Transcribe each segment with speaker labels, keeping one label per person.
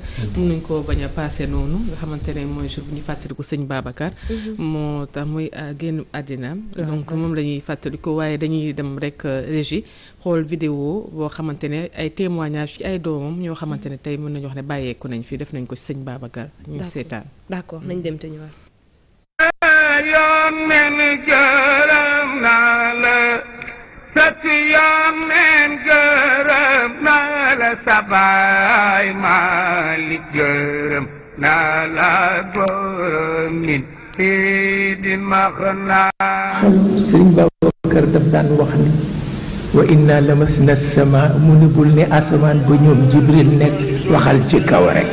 Speaker 1: mars mun nañ koo bañ a passé noonu nga xamante ne mooy bu ñu fàttaliku sëñ Babacar mhm. moo tax muy euh, génn àddinaam donc moom lañuy ñuy fàttaliku waaye dañuy dem rek euh, régie xool vidéo boo xamante ne ay témoignage ci ay doomam ñoo xamante ne tey mun nañu wax ne bàyyeeku nañ fii def nañ ko ci sëñ Babacar ñu seetaan
Speaker 2: d'accord nañ dem te ñëwaat
Speaker 3: yoon sëti yoneen gërëm naa la sabaay
Speaker 4: Maalik gërëm naa la borom min fii max naa sëriñ Babacar daf daan wax ni wa inna lamas na sama mu ne bul asamaan ba ñoom Jibril nekk waxal ci kaw rek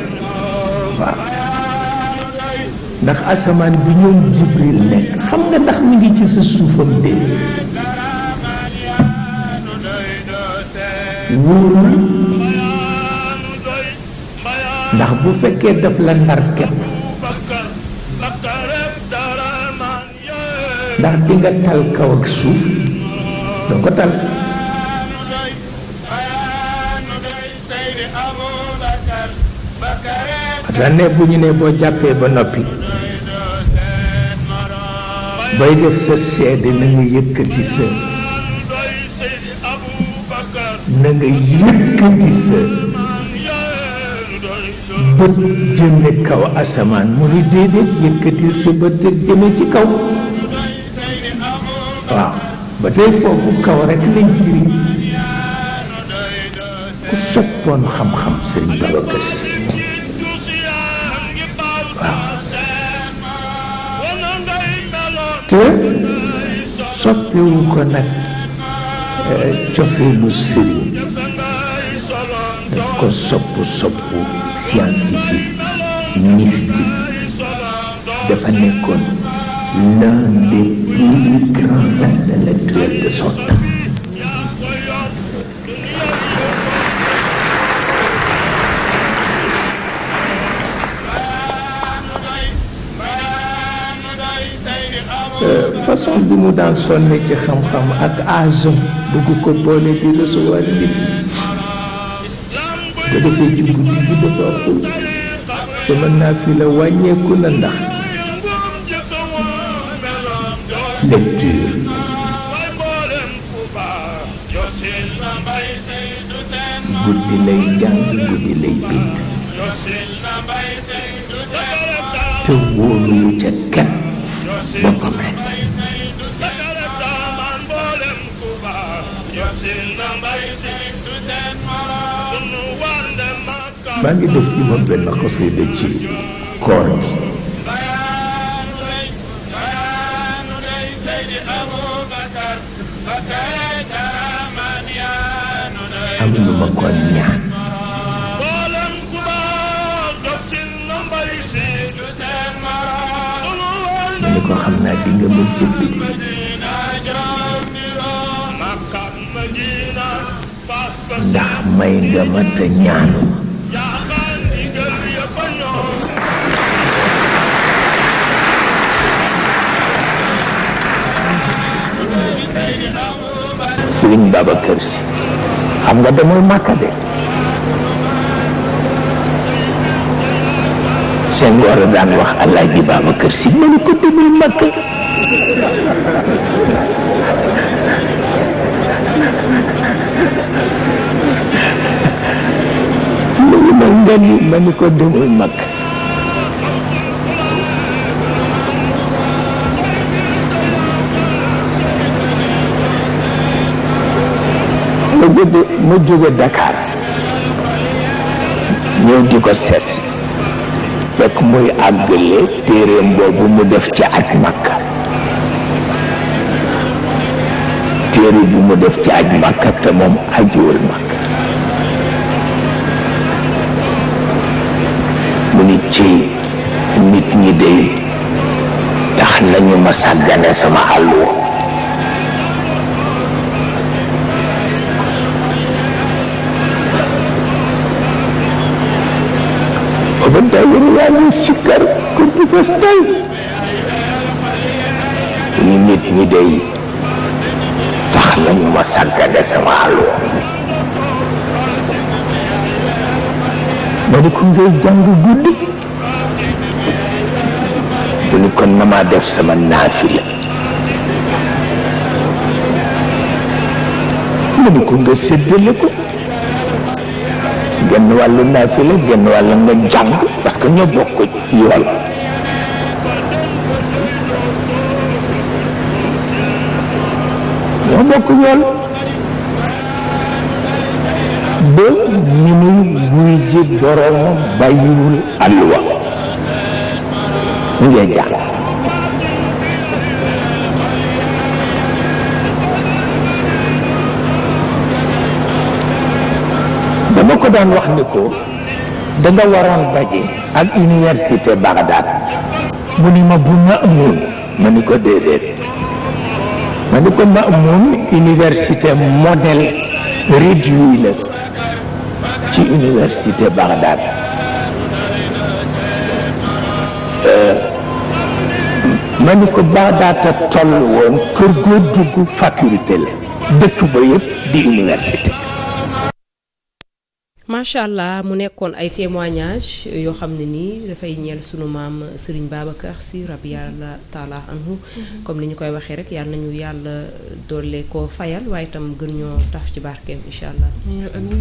Speaker 4: waaw ndax asamaan bi ñoom Jibril nekk xam nga ndax mi ngi ci sa suufam dee wóorul ndax bu fekkee daf la ndar kepp ndax di nga tal kaw ak suuf doo ko tal wata bu ñu ne boo jàppee ba noppi bay def sa seede na nga yëkkati sa na nga yëkkati sa bët jëme kaw asamaan mu ni déedéet yëkkatil sa bët jëme ci kaw waaw ba tey foofu kaw rek lañ jiriñ ku soppoon xam-xam sëñ Babacar te soppiwu ko nag eh, cofeelu sëriñ ko sopp sopp scientifique mystique dafa nekkoon l'un des plus grands intellectuels de son temps euh, façon bi mu daan sonne ci xam-xam ak âge bëgg ko boole di recevoir nit nga defee ci guddi gi dafa ëpp sama naafila wàññeeku na ndax lecture guddi lay jàng guddi lay bind te wóolu ca kenn maa ngi def ci moom benn xasida ci koor bi am lu ma ko ñaan ni ko xam naa di nga mën ci bidi ndax may nga ma te ñaanuma Serigne Babacar Sy xam nga demul Màkka de seen war a daan wax Alaaji Babacar Sy ma ne ko demul Màkka loolu ma nga ni ma ni ko demul Màkka jóge ba ma jóge Dakar ñëw di ko sees fekk muy àggale téeréem boobu mu def ci ak Makka téere bu mu def ci aj Makka te moom ajiwul Makka mu ci nit ñi day tax nañu ma sàggane sama àll dafa dayoo yàlla sikkar ko du fas tay ni nit ñi day tax nañu ma sàggane sama alwa ma ni ko ngay jàng guddi ni kon na maa def sama naafila ma ni ko nga séddale ko genn wàllu naafila genn wàllu nga jàng parce que ñoo bokk yool ñoo bokk yool ba ni muy buy ji boroomam bàyyiwul àlluwa mu ko daan wax ni ko da waroon daje ak université Bagdad mu ni ma bu Maamun ma ni ko déedéet ma ni ko Maamun université modèle réduit la ci université Bagdad euh, ma ni ko Bagdad a toll woon kër goo dugg faculté la dëkk ba yëpp di
Speaker 5: université
Speaker 2: macha allah mu nekkoon ay témoignages yoo xam ne nii dafay ñeel sunu maam Serigne Babacar si rab yàlla taala anhu mhm. comme ni ñu koy waxee rek yàlla nañu yàlla doole ko fayal waaye itam gën ñoo taf
Speaker 1: ci barkeem incha allah. ñu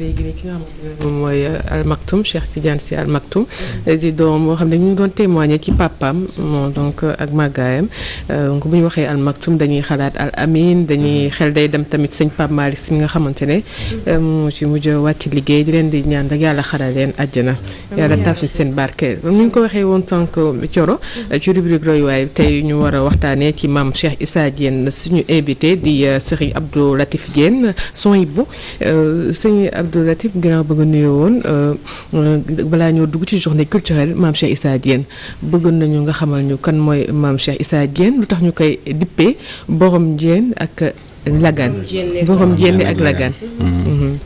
Speaker 1: léegi ni ki nga xamante mooy euh, almaktum Cheikh Tidiane Sy almaktum mhm. di doom moo xam ne ñu ngi doon témoigner ci papaam donc euh, ak màggaayam euh, donc bu ñu waxee almaktum dañuy xalaat al amin dañuy mhm. xel day dem tamit sëñ Pape Malick Sy mi nga xamante ne. mu ci mujj wàcc liggéey di leen di ñaan rek yàlla xaral leen àjjana yàlla taaf ñu seen barke ni ñu ko waxee woon sànq Thioro ci rubrique royuwaay tey ñu war a waxtaanee ci maam Cheikh Issa Diène suñu invité di euh, Serigne Abdou Latif Diène son yi bu sëñ Abdou Latif ginnaaw bëgg nuyoo woon euh, euh, balaa ñoo dugg ci journée culturelle maam Cheikh Issa Diène bëggoon nañu nga xamal ñu kan mooy maam Cheikh Issa Diène lu tax ñu koy dippee borom Diène ak lagan borom jénne ak lagan
Speaker 5: mhm.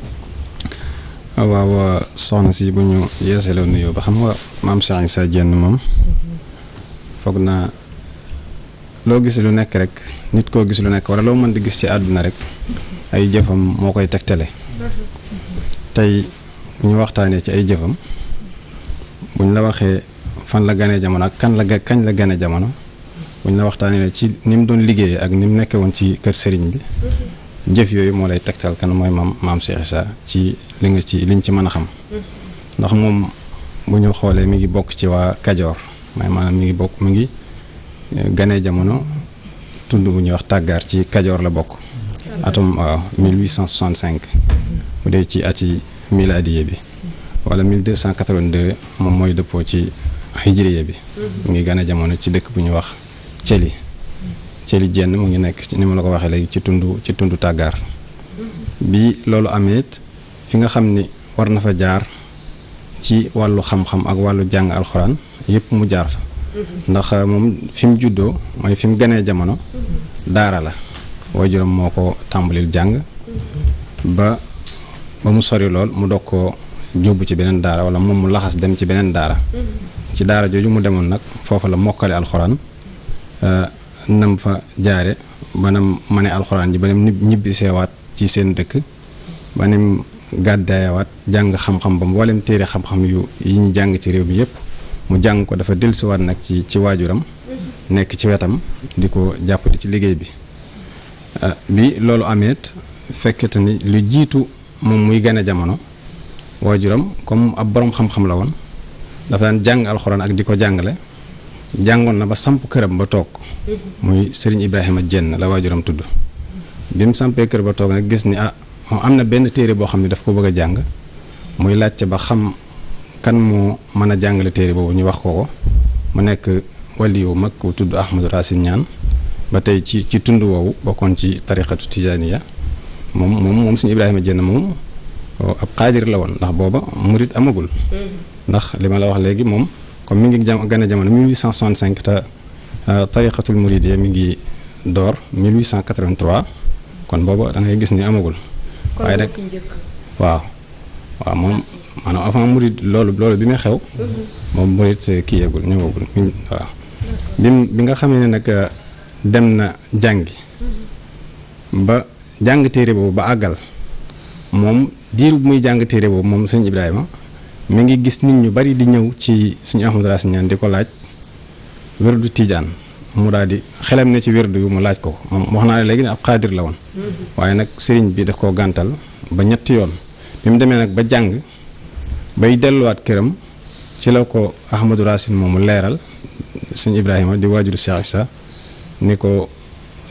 Speaker 3: ah, waaw soxna si bu ñu yeesaloo nuyoo ba xam nga maam Cheikh Issa Diène moom foog naa loo gis lu nekk rek nit koo gis lu nekk wala loo mën di gis ci àdduna rek ay jëfam moo koy tegtale tey bu ñu waxtaanee ci ay jëfam buñ la waxee fan la ganee jamono ak kan la kañ la gane jamono buñ la waxtaanee ci ni mu doon liggéeyee ak ni mu nekkee woon ci kër sëriñ bi jëf yooyu moo lay tegtal kan mooy maam maam Cheikh Issa ci li nga ci liñ ci mën a xam ndax moom bu ñu xoolee mi ngi bokk ci waa Kajoor mooy mi ngi bokk mi ngi eh, ganee jamono tudd bu ñuy wax tàggaar ci Kajoor la bokk atum waaw 1865 bu dee ci ati milaadiye bi wala 1282 moom mooy dëppoo ci hijriye bi mu mm-hmm. ngi gane jamono ci dëkk bu ñuy wax cëli cëli jenn mu ngi nekk ci ni ma la ko waxee léegi ci tundu ci tund tàggaar bi loolu amee fi nga xam ni war na fa jaar ci wàllu xam-xam ak wàllu jàng alxuraan yëpp mu jaar fa ndax euh, moom fi mu juddoo mooy fi mu gënee jamono daara la waajuram moo ko tàmbalil jàng ba ba mu sori lool mu dog ko jóbbu ci beneen daara wala moom mu laxas dem ci beneen daara ci daara jooju mu demoon nag foofu la mokkale alxuraan Euh, nam fa jaare banam ne alxuraan ji ñibbisee waat ci seen dëkk banam gàddaayawaat jàng xam-xam ba mboolem téere xam-xam yu yi ñu jàng ci réew bi yëpp mu jàng ko dafa dellusiwaat nag ci ci waajuram nekk ci wetam di ko jàppale ci liggéey bi euh, bi loolu ameet fekkete ni lu jiitu moom muy gane jamono waajuram comme ab boroom xam-xam la woon dafa daan jàng alxuraan ak di ko jàngale jàngoon na ba samp këram ba toog muy sëriñ Ibrahima Jenn la waajuram tudd bi mu kër ba toog nag gis ni ah moom am na benn téere boo xam ne daf ko bëgg a jàng muy laajte ba xam kan moo mën a jàngale téere boobu ñu wax ko mu nekk waliyu mag ku tudd Ahmadou Racine Niane ba tey ci ci tund woowu bokkoon ci tariqatu tijaaniya moom moom moom sëriñ Ibrahima Jenn moom oh, ab xaadir la woon ndax booba murit amagul
Speaker 5: mm-hmm.
Speaker 3: ndax li ma la wax léegi moom comme mi ngi jam gane jamono 1865 te euh, tariqatul muridiyya mi ngi door 1883 kon booba dangay gis ni amagul. waaye nag waaw. waaw moom maanaam avant murid loolu loolu bi muy xew. Mm-hmm. moom murid euh, kii yeegul ñëwagul waaw. bim bi nga xamee ne nag euh, dem na jàngi.
Speaker 5: Mm-hmm.
Speaker 3: ba jàng téere boobu ba àggal moom diiru bu muy jàng téere boobu moom sëñ Ibrahima. mi ngi gis nit ñu bari di ñëw ci suñu Ahmadou Racine Niane di ko laaj wérdu Tidiane mu daal di xelam ne ci wérdu yu mu laaj ko moom wax naa ne léegi ne ab xaadir la woon mm-hmm. waaye nag sëriñ bi daf koo gàntal ba ñetti yoon bi mu demee nag ba jàng bay delluwaat këram ci la ko Ahmadou Racine moomu leeral sëñ Ibrahima di waajuru Cheikh Issa ni ko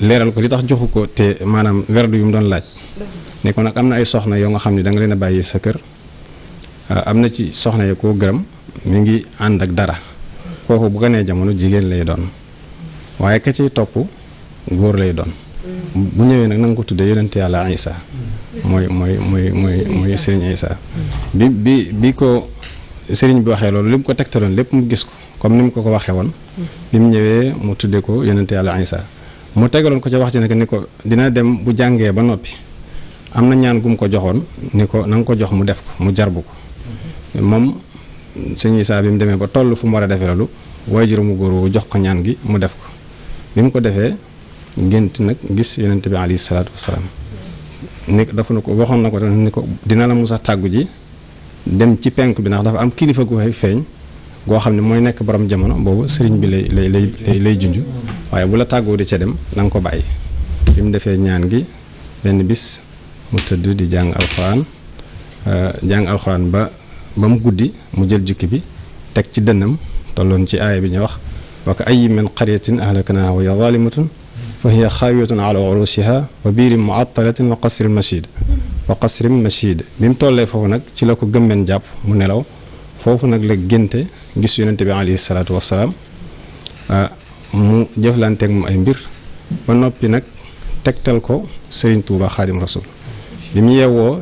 Speaker 3: leeral ko li tax joxu ko te maanaam werdu yu mu doon laaj mm-hmm. ne ko nag am na ay soxna yoo nga xam ne da nga leen a bàyyi sa kër Euh, am na ci soxna yi koo gërëm mu ngi ànd ak dara kooku bu gënee jamono jigéen lay doon waaye ka ci topp góor lay doon bu ñëwee nag na nga ko tuddee yonent yàlla Isa mooy mooy mooy mooy mooy Serigne Isa bi bi bi ko Serigne bi waxee loolu li mu ko tegtaloon lépp mu gis ko comme ni mu ko ko waxee woon bi mu ñëwee mu tuddee ko yonent yàlla Isa mu tegaloon ko ci wax ji nag ni ko dina dem bu jàngee ba noppi am na ñaan gu ko joxoon ni ko nanga ko jox mu def ko mu jarbu ko moom sëñ Issa bi mu demee ba toll fu mu war a defee loolu waajur mu góor jox ko ñaan gi mu def ko bi mu ko defee gént nag gis yonent bi alayhi salaatu wasalaam ni dafa na ko waxoon na ko ni ko dina la musa tàggu ji dem ci penk bi ndax dafa am kilifa gu feeñ goo xam ne mooy nekk borom jamono boobu sëriñ bi lay lay lay lay waaye bu la tàggoo di ca dem na ko bàyyi bi mu defee ñaan gi benn bis mu tëdd di jàng alxuraan euh, jàng alxuraan ba ba mu guddi mu jël jukki bi teg ci dënnam tolloon ci aaya bi ñu wax wa ka ayi min qaryatin ahlaknaha wa hiya zalimatun fa hiya xaawiyatun ala urushiha wa biirin muattalatin wa qasrin mashid wa qasrin mashid bi mu tollee foofu nag ci la ko gëmmeen jàpp mu nelaw foofu nag la génte gis yonente bi alayhi salaatu wasalaam mu jëflanteeg mu ay mbir ba noppi nag tegtal ko Serigne Touba Xaadim Rasul bi mu yeewoo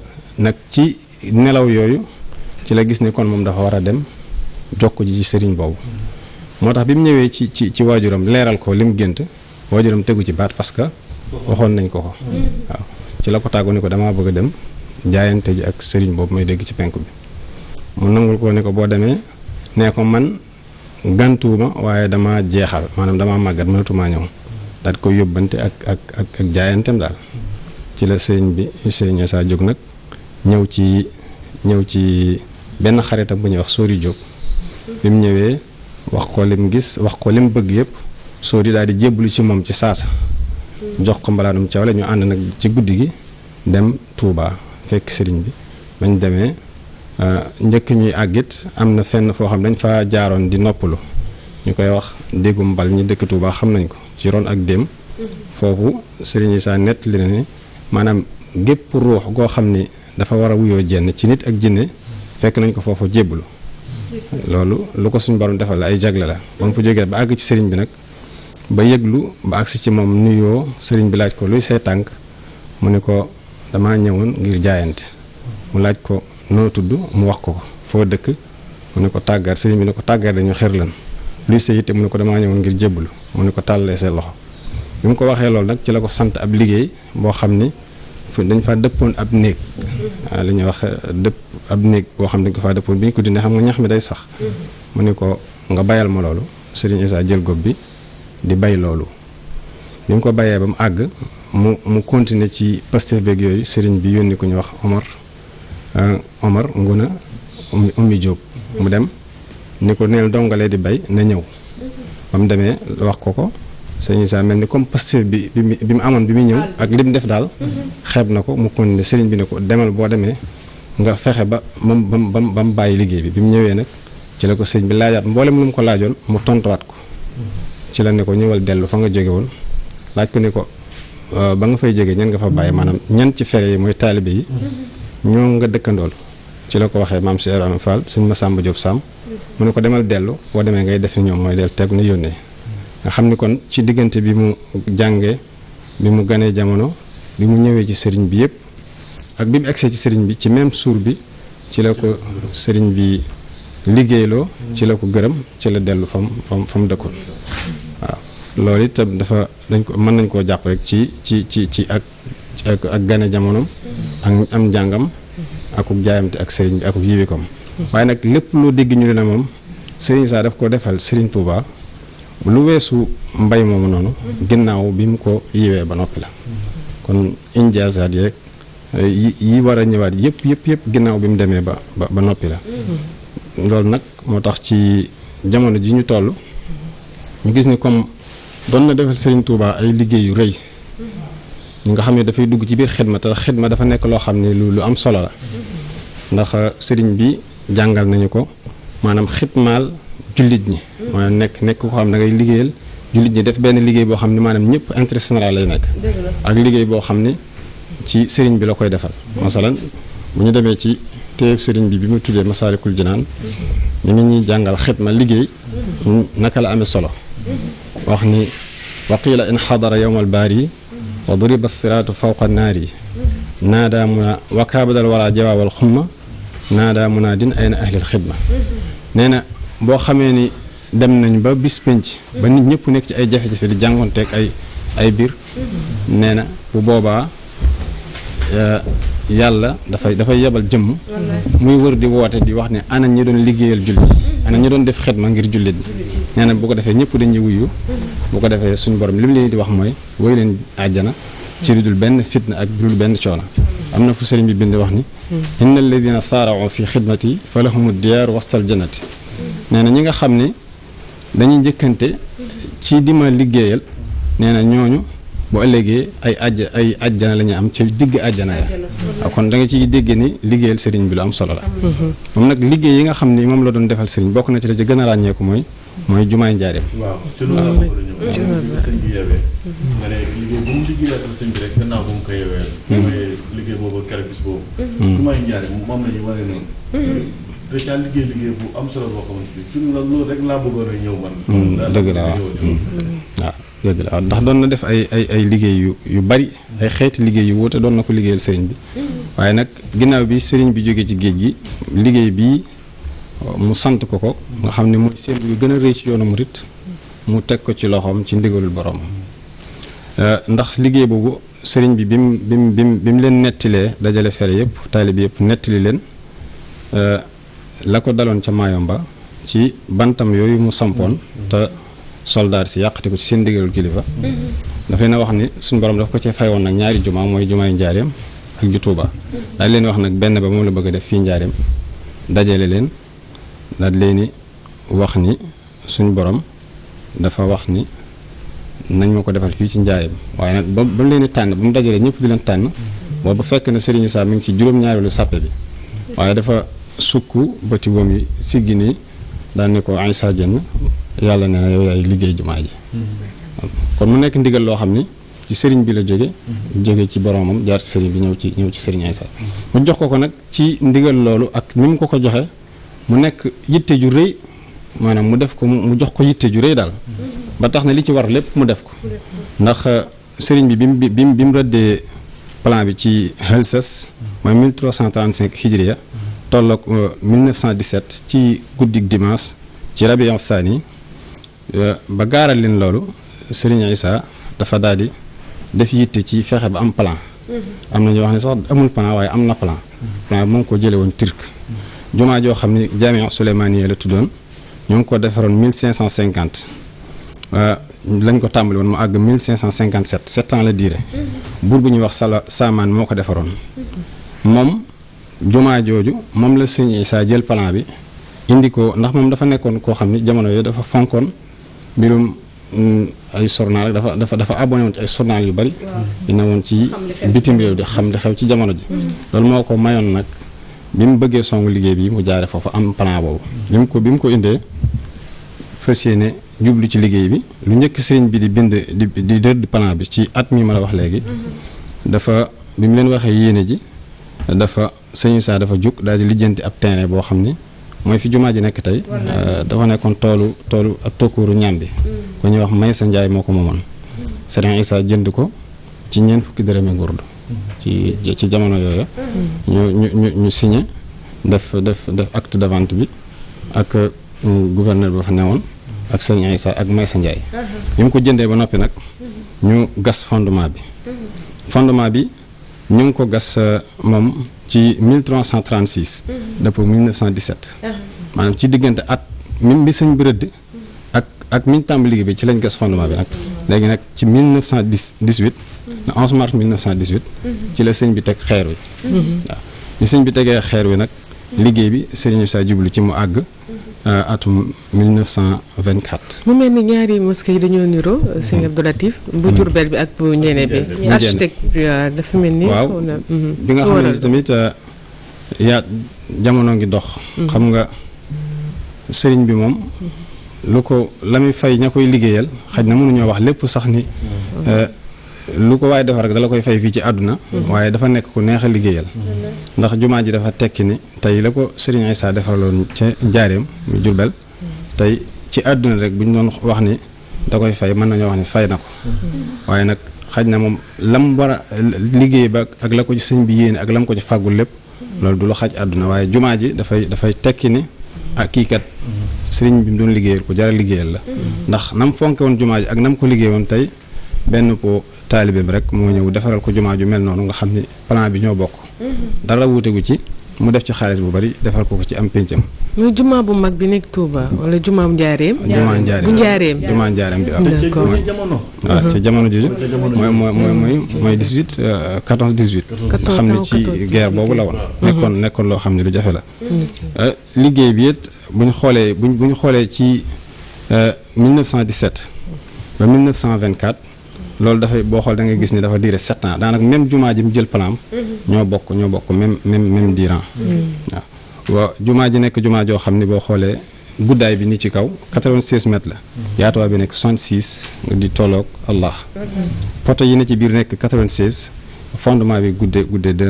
Speaker 3: nag ci nelaw yooyu ci la gis ne kon moom dafa war a dem jokk ji ci sëriñ boobu moo tax bi mu ñëwee ci ci ci waajuram leeral ko li mu gént waajuram tegu ci baat parce que waxoon nañ ko ko waaw ci la ko tàggu ni ko dama bëgg a dem jaayante ji ak sëriñ boobu may dégg ci penk bi mu nangul ko ne ko boo demee ne ko man gantuwuma waaye dama jeexal maanaam dama màggat mënatumaa ñëw daal koy yóbbante ak ak ak ak jaayanteem daal ci la sëriñ bi sëriñ saa jóg nag ñëw ci ñëw ci benn xaritam bu ñuy wax soori jóg bi mu ñëwee wax ko lim gis wax ko lim bëgg yëpp Sori daal di jébbalu ci moom ci saasa. jox ko mbalaanum cawle ñu ànd nag ci guddi gi dem Touba fekk sëriñ bi bañ demee euh, njëkk ñuy àggit am na fenn foo xam dañ fa jaaroon di noppalu ñu koy wax déggu mbal ñi dëkk Touba xam nañ ko ci ron ak dém foofu sëriñ Issa nettali na ne maanaam gépp ruux goo xam ni dafa war a wuyoo jenn ci nit ak jinne fekk nañ ko foofu jébbalu loolu lu ko suñu borom defal la ay jagle la ba mu fa jógee ba àgg ci sëriñ bi nag ba yëglu ba agsi ci moom nuyoo sëriñ bi laaj ko luy say tànk mu ne ko dama ñëwoon ngir jaayante mu laaj ko noo tudd mu wax ko ko foo dëkk mu ne ko tàggaar sëriñ bi ne ko tàggaar dañu xër lan luy sa yitte mu ne ko damaa ñëwoon ngir jébbalu mu ne ko tàllalee say loxo bi mu ko waxee loolu nag ci la ko sant ab liggéey boo xam ni fa dañ faa dëppoon ab néeg waaw li ñuy wax euh, dëpp ab néeg boo xam dañ ko faa dëppoon bi ñu ko dindee xam nga ñax mi day sax mm-hmm. mu ne ko nga bayal ma loolu Serigne Issa jël gob bi di bay loolu bi mu ko bayee ba mu àgg mu mu continuer ci Pastef beeg yooyu Serigne bi yónni ku ñu wax Omar euh, Omar Nguna Oumy Diop mu dem ni ko neel dongalee di bay na ñëw mm-hmm. ba mu demee wax ko ko sëñ saa mel ni comme pasteur bi bi mu amoon bi muy ñëw ak li mu def daal xeeb na ko mu continuer sëriñ bi ne ko demal boo demee nga fexe ba moom ba mu ba bàyyi liggéey bi bi mu ñëwee nag ci la ko sëñ bi laajaat mboolem lu ko laajoon mu tontuwaat ko ci la ne ko ñëwal dellu fa nga jóge laaj ko ne ko euh, ba nga fay jógee ñan nga fa bàyyi maanaam ñan ci fere mooy taalibe yi ñoo nga dëkkandool ci la ko waxee maam si Ibrahima Fall sëñ Massamba Diop mu ne ko demal dellu boo demee ngay def ni ñoom mooy del tegu ni yónnee nga xam ni kon ci diggante bi mu jàngee bi mu ganee jamono bi mu ñëwee ci sëriñ bi yëpp ak bi mu egsee ci sëriñ bi ci même suur bi ci la ko sëriñ bi liggéeyloo ci la ko gërëm ci la dellu fam fa mu dëkkoon waaw loolu itam dafa dañ ko mën nañ koo jàpp rek ci ci ci ci ak ak gane jamonom ak am njàngam akuk jaayamte ak sëriñ bi akuk yiwikoom waaye nag lépp loo dégg ñu dina moom sëriñ saa daf ko defal sëriñ Touba. lu weesu mbay moomu noonu ginnaaw bi mu ko yiwee ba noppi la kon injaasaat yeeg yi war a ñëwaat yëpp yëpp yëpp ginnaaw bi mu demee ba ba noppi la loolu nag moo tax ci jamono ji ñu toll ñu gis ni comme doon na defal Serigne Touba ay liggéey yu rëy ñu nga xam ne dafay dugg ci biir xidma te xidma dafa nekk loo xam ne lu lu am solo la ndax sëriñ bi jàngal nañu ko maanaam xitmaal jullit ñi maanaam nekk nekk koo xam ne da ngay liggéeyal jullit ñi def benn liggéey boo xam ne maanaam ñëpp intérêt général lay nekk ak liggéey boo xam ne ci sëriñ bi la koy defal masalan bu ñu demee ci téyeb sëriñ bi bi mu tuddee Masaalikul Jinaan ñu ngi ñuy jàngal xidma liggéey naka la amee solo wax ni waqiila in xadara yowmal baari wa duriba siraatu fawqa naari naadaa muna wakaabadal wara jawaabal xumma naadaa munaadin ayna ahlil xidma nee boo xamee ni dem nañ ba bis pénc ba nit ñëpp nekk ci ay jafe-jafe di jàngonteeg ay ay biir nee na bu boobaa eh, yàlla dafay dafay yebal jëmm muy wër di woote di wax ne ana ñi doon liggéeyal jullit ana ñi doon def ma ngir jullit bi nee na bu ko defee ñëpp dañuy wuyu bu ko defee suñu borom li mu leen di wax mooy woy leen àjjana ci lu dul benn fitna ak lu dul benn coono am na fu sëriñ bi bind wax ni hmm. inna alladina saarao fi xidmati fa lahumu diyaar wastal jannati nee na ñi nga xam ne dañuy njëkkante ci dima liggéeyal nee na ñooñu bu ëllëgee ay aj ay ajjana la am ci digg ajjana ya kon da ci ciy ni liggéeyal sëriñ bi lu am solo la mm-hmm. moom nag liggéey yi nga xam ne moom la doon defal sëriñ bokk na ci la ci gën a ràññeeku mooy mooy jumaay njaareem waaw bi mm-hmm. liggéey boobu keroog bis mm-hmm. dañ daal liggéey liggéey bu am solo bëggoon a ñëw man. Hmm, dëgg la waaw hmm. ah, waaw ndax doon na def ay ay ay liggéey yu bari ay xeeti liggéey yu wuute doon na ko liggéeyal sëriñ bi waaye nag ginnaaw bi sëriñ bi jóge ci géej gi liggéey bii mu sant ko ko nga xam ni mooy seen yu gën a rëy ci yoonu murit mu teg ko ci loxoom ci ndigalul borom eh, ndax liggéey boobu sëriñ bi bi mu bi bim bi leen nettilee dajale fere yëpp taalibe yëpp nettali leen eh, la ko daloon ca ba ci bantam yooyu mu sampoon te soldaar si yàqati ko ci seen ndigalul kilifa dafay na wax ni suñ borom dafa ko cee fay woon nag ñaari jumaa mooy jumaay njaareem ak ju Tuuba daal leen wax nag benn ba moom la bëgg def fii njaareem dajale leen daal leen wax ni suñ borom dafa wax ni nañ ma ko defar fii ci njaareem waaye nag ba ba mu leen di tànn ba mu dajalee ñëpp di leen tànn boobu fekk na Serigne Issa mi ngi ci juróom-ñaareelu sàppe bi waaye dafa sukk ba ci wam yi siggi nii daan ne ko Isaa Jeen yàlla na yow yaay liggéey jumaa ji kon mu nekk ndigal loo xam ni ci sëriñ bi la jóge jóge ci boromam jaar ci sëriñ bi ñëw ci ñëw ci sëriñ mu jox ko ko nag ci ndigal loolu ak ni mu ko ko joxe mu nekk yitte ju rëy maanaam mu def ko mu jox ko yitte ju réy daal ba tax na li ci war lépp mu def ko ndax sëriñ bi bi mu bi mu rëddee plan bi ci Helsas mooy 1335 hijriya tolloog 1917 euh, ci guddik dimanche ci rabion saani euh, ba gaaral leen loolu Serigne Issa dafa daal di def yitte ci fexe ba am plan mhm. am na ñoo wax ne sax amul plan waaye am na plan plan mu ngi ko jële woon turc jumaa joo xam ne jaamiu Souleymaniya la tuddoon ñoo ngi ko defaroon 1550 euh, lañ ko tàmbali woon mu àgg 1557 sept ans la diire mhm. buur bu ñu wax sala saamaan moo ko defaroon
Speaker 5: mhm.
Speaker 3: moom jumaa jooju moom la sëñ saa jël plan bi indi ko ndax moom dafa nekkoon koo xam ni jamono yooyu dafa fonkoon mbirum mm, ay journal dafa dafa dafa abonné ci ay journal yu bari dina woon ci bitim réew di xam li xew ci jamono ji hmm. loolu moo ko mayoon nag bi mu bëggee songu liggéey bi mu jaare foofu am plan boobu hmm. bi mu ko bi ko indee fas ne jublu ci liggéey bi lu njëkk sëñ bi di bind di di dëdd plan bi ci at mi ma la wax léegi hmm. dafa bi mu leen waxee yéene ji dafa sëñ Issa dafa jug daal di lijjanti ab terrain boo xam ne mooy fi jumaa ji nekk tey euh, dafa nekkoon toolu toolu ab tokkooru ñaam bi mm. ku ñuy wax Maysa Njaay moo ko moomoon mm. sëriñ saa jënd ko ci ñeent fukki dërëmi ngurdu mm. ci ci jamono yooyu ñu ñu ñu ñu signé def def def acte de bi ak euh, gouverneur ba fa newoon ak sëriñ Issa ak Maysa Njaay ñu uh-huh. ko jëndee ba noppi nag mm-hmm. ñu gas fondement bi mm-hmm. fondement bi ñu ngi ko gas euh, moom ci 1336. depuis 1917. maanaam ci diggante at mi mi sëñ ak ak mi ñu tàmbali liggéey bi ci lañ gas fondement bi nag mhm. léegi nag ci 1918. Mhm. le 11 mars 1918. Mhm. ci la sëñ bi teg xeer wi. waaw li bi tegee xeer wi nag. liggéey bi sëriñ saa jublu ci mu àgg. Euh, atum 1924.
Speaker 1: mu mel ni ñaari mosquée yi dañoo niroo. Euh, mm-hmm. sëñ Abdou Latif bu Diourbel mm-hmm. bi ak bu Ndiéné bi. architecture euh, dafa mel ni. waaw mm-hmm. bi nga xam ne
Speaker 3: tamit yaa jamono ngi dox. xam nga sëriñ bi moom. lu ko la muy fay ña koy liggéeyal xaj na mënuñoo wax lépp sax ni. lu ko waaye defar rek dala koy fay fii ci àdduna mhm. waaye dafa nekk ku neex a liggéeyal
Speaker 5: mhm.
Speaker 3: ndax jumaa ji dafa tekki ni tey la ko Serigne saa defaraloon ca njaareem mu Jurbel mhm. tey ci àdduna rek bu ñu doon wax ni da koy fay mën nañu wax ni fay na ko waaye nag xaj na moom lam war a liggéey ba ak la ko ci sëñ bi yéene ak lam ko ci fàggul lépp loolu du la xaj àdduna waaye jumaa ji dafay dafay tekki ni ak ah kii kat sëriñ bi mu doon liggéeyal ko jara liggéeyal la ndax nam fonke jumaa ji ak nam ko liggéey woon tey benn ko taalibeem rek moo ñëw defaral ko jumaa ju mel noonu nga xam ni plan bi ñoo bokk. dara wuutegu ci mu def ci xaalis bu bari defal ko ko ci am péncam.
Speaker 1: muy jumaa bu mag bi nekk Touba wala jumaa Njaareem. jumaa Njaareem bu Njaareem jumaa Njaareem bi
Speaker 3: waaw. te jamono ji mooy mooy mooy mooy 18 14 18. 14 xam ne ci guerre boobu la woon. nekkoon nekkoon loo xam ne lu jafe la. Mm-hmm. Euh, liggéey bi it bu ñu xoolee bu ñu bu ñu xoolee ci 1917 euh, ba 1924. loolu dafay boo xool da ngay gis ni dafa diire sept ans daanaka même jumaa ji mu jël plan
Speaker 5: mhm. ñoo
Speaker 3: bokk ñoo bokk même même même diiran
Speaker 5: mhm.
Speaker 3: waaw jumaa ji nekk jumaa joo xam ni boo xoolee guddaay bi ni ci kaw 96 mètres la mhm. yaatuwaay bi nekk 66 di tollook allah poto yi ne ci biir nekk 96 fondement bi guddee guddee 2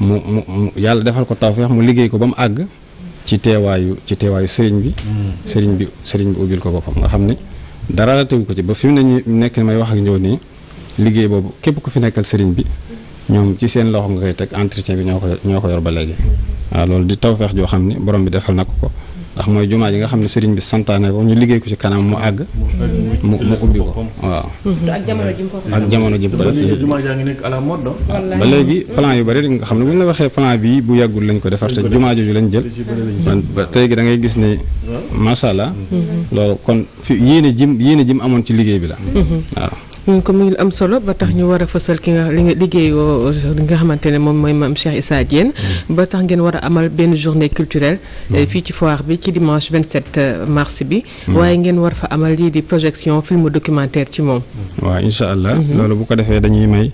Speaker 3: mu mu mu yàlla defal ko tawfeex mu liggéey ko ba mu àgg ci teewaayu ci teewaayu sëriñ bi sëriñ bi sëriñ bi ubbil ko boppam nga xam ne dara la tegu ko ci ba fi mu ne ñu nekk may wax ak ñëw nii liggéey boobu képp ku fi nekkal sëriñ bi ñoom ci seen loxo nga koy teg entretien bi ñoo ko ñoo ko yor ba léegi waaw loolu di taw tawfeex joo xam ni borom bi defal na ko ko ndax mooy jumaa ji nga xam ne sëriñ bi santaane ko ñu liggéey ko ci kanam mu àgg. mu mu ubbi ko waaw.
Speaker 2: ak jamono ji ko ak jamono ji mu
Speaker 3: ko def
Speaker 5: ba léegi plan yu
Speaker 3: bari nga xam ne bu ñu waxee plan bii bu yàggul lañ ko defar te jumaa jooju lañ jël. ba tey gi da ngay gis ne macha allah. Mhm. loolu kon fi yéene jim yéene jim amoon ci liggéey bi la mhm. waaw.
Speaker 1: comme mu ngi am solo ba tax ñu war a fësal ki nga li nga liggéeyoo li nga xamante ne moom mooy maam Cheikh Issa Diène mm. ba tax ngeen war a amal benn journée culturelle mm. euh, fii ci foire bi ci dimanche 27 euh, mars bi mm. waaye ngeen war fa amal lii di projection
Speaker 3: film documentaire ci moom waaw incha allah mm-hmm. loolu bu ko defee dañuy may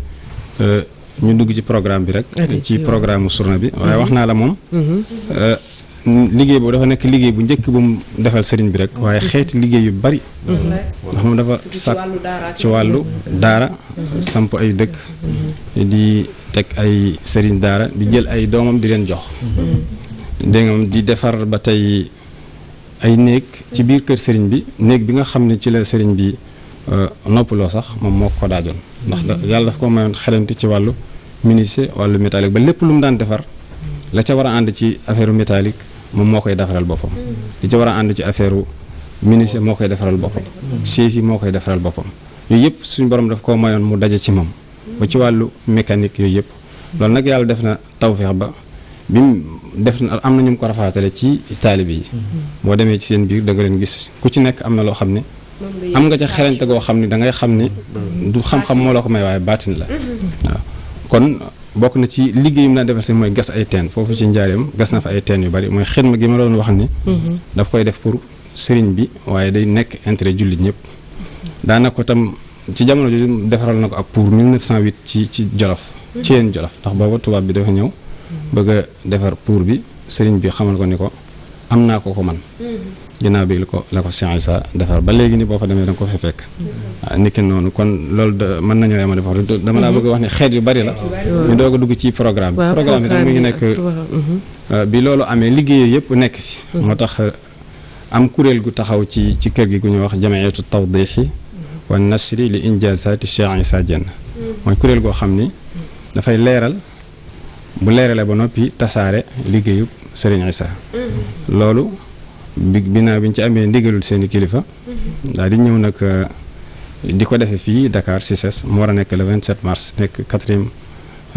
Speaker 3: euh, ñu dugg ci programme bi rek ci programme journée bi waaye wax naa la moom mm-hmm. liggéey boobu dafa nekk liggéey bu njëkk bu mu defal sëriñ bi rek waaye xeeti liggéey yu bari
Speaker 5: ndax moom
Speaker 3: mm-hmm. dafa sàkk ci wàllu daara samp ay dëkk mm-hmm. di teg ay sëriñ daara di jël ay doomam di leen jox mm-hmm. dégg nga di defar ba tey ay néeg ci biir kër sëriñ bi néeg bi nga xam ne ci la sëriñ bi euh, loo sax moom moo ko daajoon ndax yàlla daf ko mayoon xelante ci wàllu menuisier wàllu métallique ba lépp lu mu daan defar la ca war a ànd ci affaire métallique moom moo koy defaral boppam mm-hmm. li ca war a ànd ci affaire ministère moo koy defaral boppam mm-hmm. chaise yi moo koy defaral boppam yooyu yëpp suñu borom daf koo mayoon mu daje ci moom ba ci wàllu mécanique yooyu yëpp loolu nag yàlla def na tawféex ba bi mu def na am na ñu ko rafaatale ci taalibe yi mm-hmm. boo demee ci seen biir da leen gis ku ci nekk am na loo xam ne
Speaker 5: am nga ca xelante
Speaker 3: goo xam ne da ngay xam ne du xam-xam moo la ko may waaye baatin la bokk na ci liggéey mu daan defal si mooy gas ay teen foofu ci njaareem gas na fa ay teen yu bari mooy xidma gi ma doon wax ni mhm. daf koy def pour sëriñ bi waaye day nekk intérêt jullit ñëpp daana ko tam ci jamono jooju defaral na ko ab pour 1908 ci ci jolof mhm. ci yéen jolof ndax booba tubaab bi dafa ñëw mhm. bëgg defar pour bi sëriñ bi xamal ko ni ko am naa ko ko man ginnaaw bi la ko la ko Cheikh Issa defar ba léegi ni boo fa demee da nga ko fekk ah, niki noonu kon loolu mën nañoo yemale foofu dama laa bëgg wax ne xeet yu bari la ñu doog a dugg ci programme bi programme bi tam mhm. euh, bi loolu amee liggéey yëpp nekk ci mhm. moo tax euh, am kuréel gu taxaw ci ci kër gi gu ñu wax jamaatu tawdixi wa nasri li injazati Cheikh Issa Diène mhm. mooy kuréel goo xam ni dafay leeral bu leeralee ba noppi tasaare liggéeyu Serigne Issa loolu bi ginnaaw bi ñu ci amee ndigalul seen i kilifa. Mhm. daal di ñëw nag euh, di ko defee fii dakaar CICES mu war a nekk le 27 mars nekk quatrième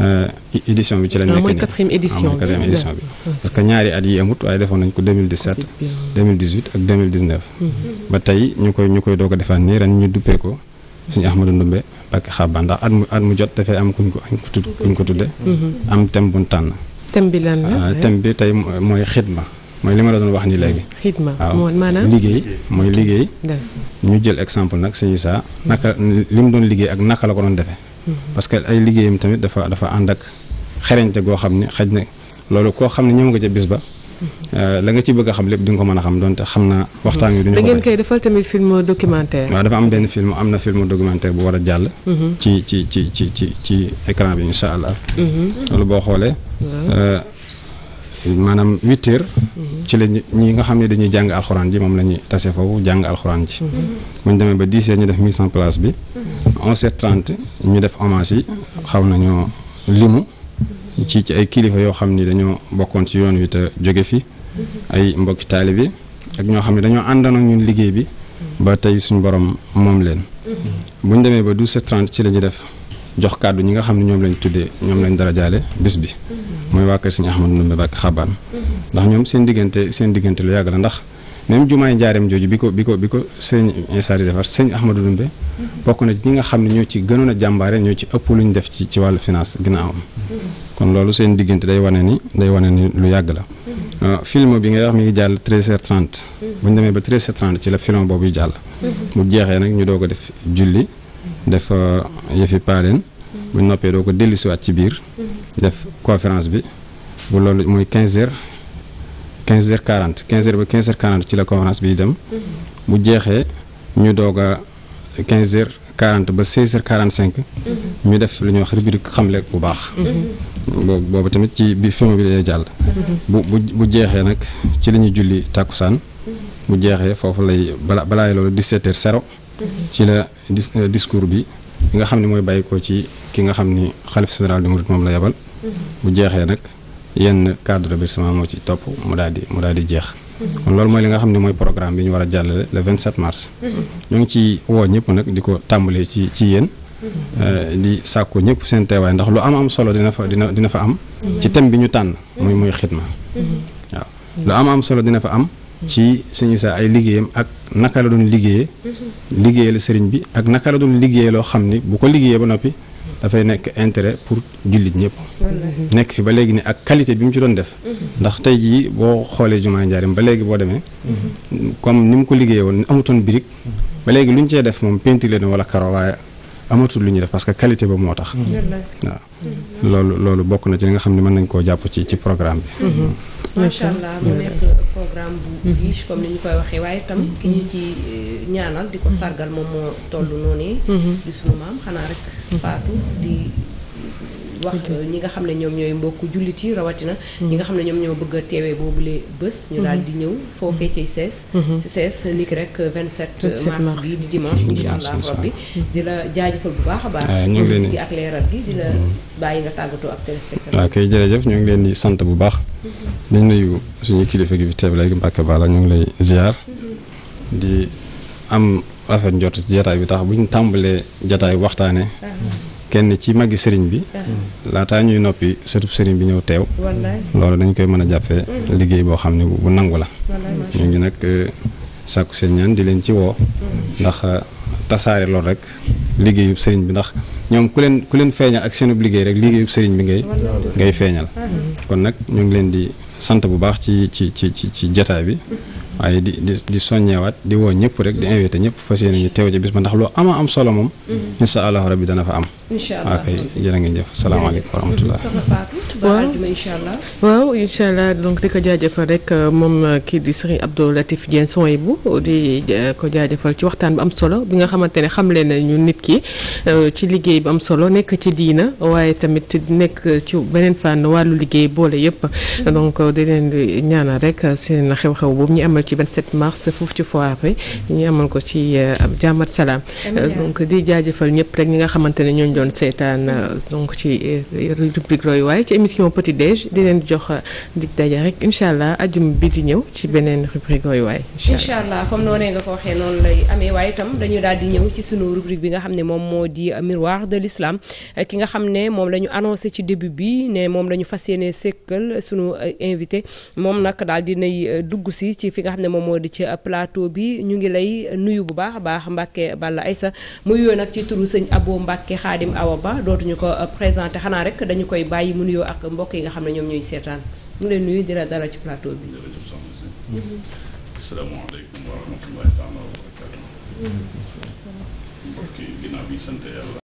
Speaker 3: euh, édition bi ci la. Ah, nekk mooy ah, quatrième édition bi parce que ñaari at yi amut waaye defoon nañ ko 2017. 2018 ah, ak 2019. Mhm. ba tey ñu koy ñu koy doog a defaat nii ren ñu duppee ko suñu Ahmadou Ndoumbe Mbacké Xaban ndax at mu at mu jot dafay am kuñ ko kuñ ko tudde mhm. am thème bu ñu tànn.
Speaker 1: thème bi lan
Speaker 3: bi tey mooy xidma. mooy li ma la doon wax nii léegi.
Speaker 1: xidma mooy maanaam waaw liggéey
Speaker 3: mooy liggéey. ñu jël exemple nag suñu saa. naka mm-hmm. li mu doon liggéey ak naka la ko doon defee. Mm-hmm. parce que ay liggéeyam tamit dafa dafa ànd ak xereñte goo xam ne xaj na loolu koo xam ne ñëw ko ca bis ba. Mm-hmm. Euh, la nga ci bëgg a xam lépp di nga ko mën a xam donte xam naa waxtaan wi. du ñu ko da ngeen
Speaker 1: koy defal tamit film documentaire.
Speaker 3: dafa am benn film am na film documentaire bu war a jàll. ci ci ci ci ci ci écran bi incha allah. loolu boo xoolee. Euh, maanaam huit ci la ñi nga xam ne dañuy jàng alxuraan ji moom la ñuy tase foofu jàng alxuraan ji mhm. bu demee ba dix heures ñu def mise cent place bi mhm. onze heures trente ñu def hommage yi xaw nañoo limu ci ci ay kilifa yoo xam ni dañoo bokkoon ci yoon wit te jóge fi mhm. ay mbokki taalibe bi ak ñoo xam ne dañoo àndoon ak liggéey bi ba tey suñu borom moom leen bu demee ba douze heures trente ci la ñuy def jox kàddu ñi nga xam ne ñoom lañ tuddee ñoom lañ dara jaale bis bi mooy waa kër Sëriñ Ahmadu Ndumbe Mbàkke Xabaan ndax ñoom seen diggante seen diggante lu yàgg la ndax même jumaay njaareem jooju bi ko bi ko bi ko sëñ Issa di defar sëñ Ahmadu Ndumbe bokk na ci ñi nga xam ne ñoo ci gënoon a jàmbaare ñoo ci ëpp lu ñu def ci ci wàllu finance ginnaawam kon loolu seen diggante day wane ni day wane ni lu yàgg la euh, film bi nga wax mi ngi jàll 13h30 bu ñu demee ba 13 ci la film boobu jàll bu jeexee nag ñu doog a def julli def euh, yëfi paaleen mm-hmm. bu noppee doo ko dellusiwaat ci biir mm-hmm. def conférence bi bu loolu muy 15 heures 15 heures 40 15 heures ba quinze heures 40 ci la dem mm-hmm. bu jeexee ñu doog a 15 heures quarante ba 16 heures 45 ñu def lu ñuy wax rubrique xamle bu baax boobu tamit ci bi bi lay jàll bu bu bu jeexee nag ci la ñuy julli tàkkusaan bu jeexee foofu lay bala balaay loolu 17 heures sero ci la euh, discours bi bi nga xam ne mooy bàyyikoo ci ki nga xam ni xalif général di murit moom la yebal mm-hmm. bu jeexee nag yenn cadre de versement moo ci topp mu daa di mu daal di jeex mm-hmm. kon loolu mooy li nga xam ne mooy programme bi ñu war a jàllale le 27 mars mm-hmm. ñoo ngi ci woo ñëpp nag di ko tàmbalee ci ci yéen euh, di sàkku ñëpp seen teewaay ndax lu am am solo dina fa dina dina fa am ci thème bi ñu tànn mooy muy xidma
Speaker 5: waaw
Speaker 3: lu am am solo dina fa am ci sëñ Issa ay liggéeyam ak naka la doon liggéeyee liggéeyal sëriñ bi ak naka la doon liggéeyee loo xam ni bu ko liggéeyee ba noppi dafay nekk intérêt pour jullit ñëpp nekk fi ba léegi ni ak qualité bi mu ci doon def ndax tey jii boo xoolee jumaa njaarim ba léegi boo demee comme ni mu ko liggéeyee woon amutoon birig ba léegi lu ñu cee def moom peinture leen wala karo waaye amatul lu ñu def parce que qualité ba moo tax. Mm. waaw loolu loolu bokk na ci li nga xam ne mën nañ koo jàpp ci ci programme bi.
Speaker 5: Mm-hmm. Mm-hmm. macha allah mu nekk
Speaker 2: programme bu mm-hmm. riche comme ni ñu koy waxee waaye tam ki ñu ci eh, ñaanal di ko sargal moom moo toll noonu. di maam xanaa rek. Fatou di. wax ñi nga xam ne ñoom ñooy mbokku jullit yi rawatina. Mm-hmm. ñi nga xam ne ñoom ñoo bëgg a boobu boobule bés. ñu mm-hmm. daal di ñëw foofee mm-hmm. ci sees. ci sees ni ki rek 27 mars bi di dimanche incha la jaajëfal baax baax. Ah, ñu ngi gi di la bàyyi nga tàggatoo
Speaker 3: ngi leen di sant bu baax. di nuyu kilifa gi fi teew léegi Mbacke Bala ñu ngi lay ziar. di am rafet njort jataay bi tax buñ tàmbalee jataay waxtaane ah. kenn ci magi sëriñ bi
Speaker 5: mm-hmm.
Speaker 3: laataa ñuy noppi sëtub sëriñ bi ñëw teew loolu dañ koy mën a jàppee mm-hmm. liggéey boo xam ne bu nangu la ñu ngi nag euh, sàkku seen ñaan di leen ci woo
Speaker 5: mm-hmm. ndax
Speaker 3: euh, tasaare loolu rek liggéeyub sëriñ bi ndax ñoom ku leen ku leen feeñal ak seenub liggéey rek liggéeyub sëriñ bi ngay ngay feeñal kon nag ñu ngi leen di sant bu baax ci ci ci ci jataay bi waaye di di di di woo ñëpp rek di invité ñëpp fas yéene ñu teew ci bis ba ndax loo ama am solo moom mm-hmm. incha allah rabbi dana fa am waa kay jërë ngeen jëf salaamaaleykum wa rahmatullah waaw incha allah donc di ko jaajëfal rek euh, moom
Speaker 1: euh, kii di Serigne Abdou Latif Diène soy bu di euh, ko jaajëfal ci waxtaan bu am solo bi nga xamante ne xamle nañu nit ki ci liggéey bu am solo nekk ci diina waaye tamit nekk ci beneen fànn wàllu liggéey boole yëpp mm-hmm. donc di leen ñaanal rek seen xew-xew boobu ñu am ci 27 mars foofu ci foire bi ñu amal ko ci euh, ab jàmm ak salaam. Euh, donc di jaajëfal ñëpp rek ñi nga xamante ne doon seetaan euh, donc ci rubrique Royukaay ci émission Petit Déj di leen jox dig daja rek incha allah ajum bi di ñëw ci beneen rubrique Royukaay. incha
Speaker 2: allah comme noonee nga ko waxee noonu lay amee waaye itam dañu daal di ñëw ci sunu rubrique bi nga xam ne moom moo di miroir de l'islam ki nga xam ne moom la ñu ci début bi ne moom la ñu fas yéene sekkal sunu invité moom nag daal di xam ne moom moo di ci plateau bi ñu ngi lay nuyu bu baax a baax Mbacke Balla Aïssa mu nuyoo nag ci turu sëñ Abo Mbacke Xaadim Awa Ba dootuñu ko présenté xanaa rek dañu koy bàyyi mu nuyoo ak mbokk yi nga xam ne ñoom ñooy seetaan mu ngi lay nuyu di la dara ci plateau
Speaker 5: bi.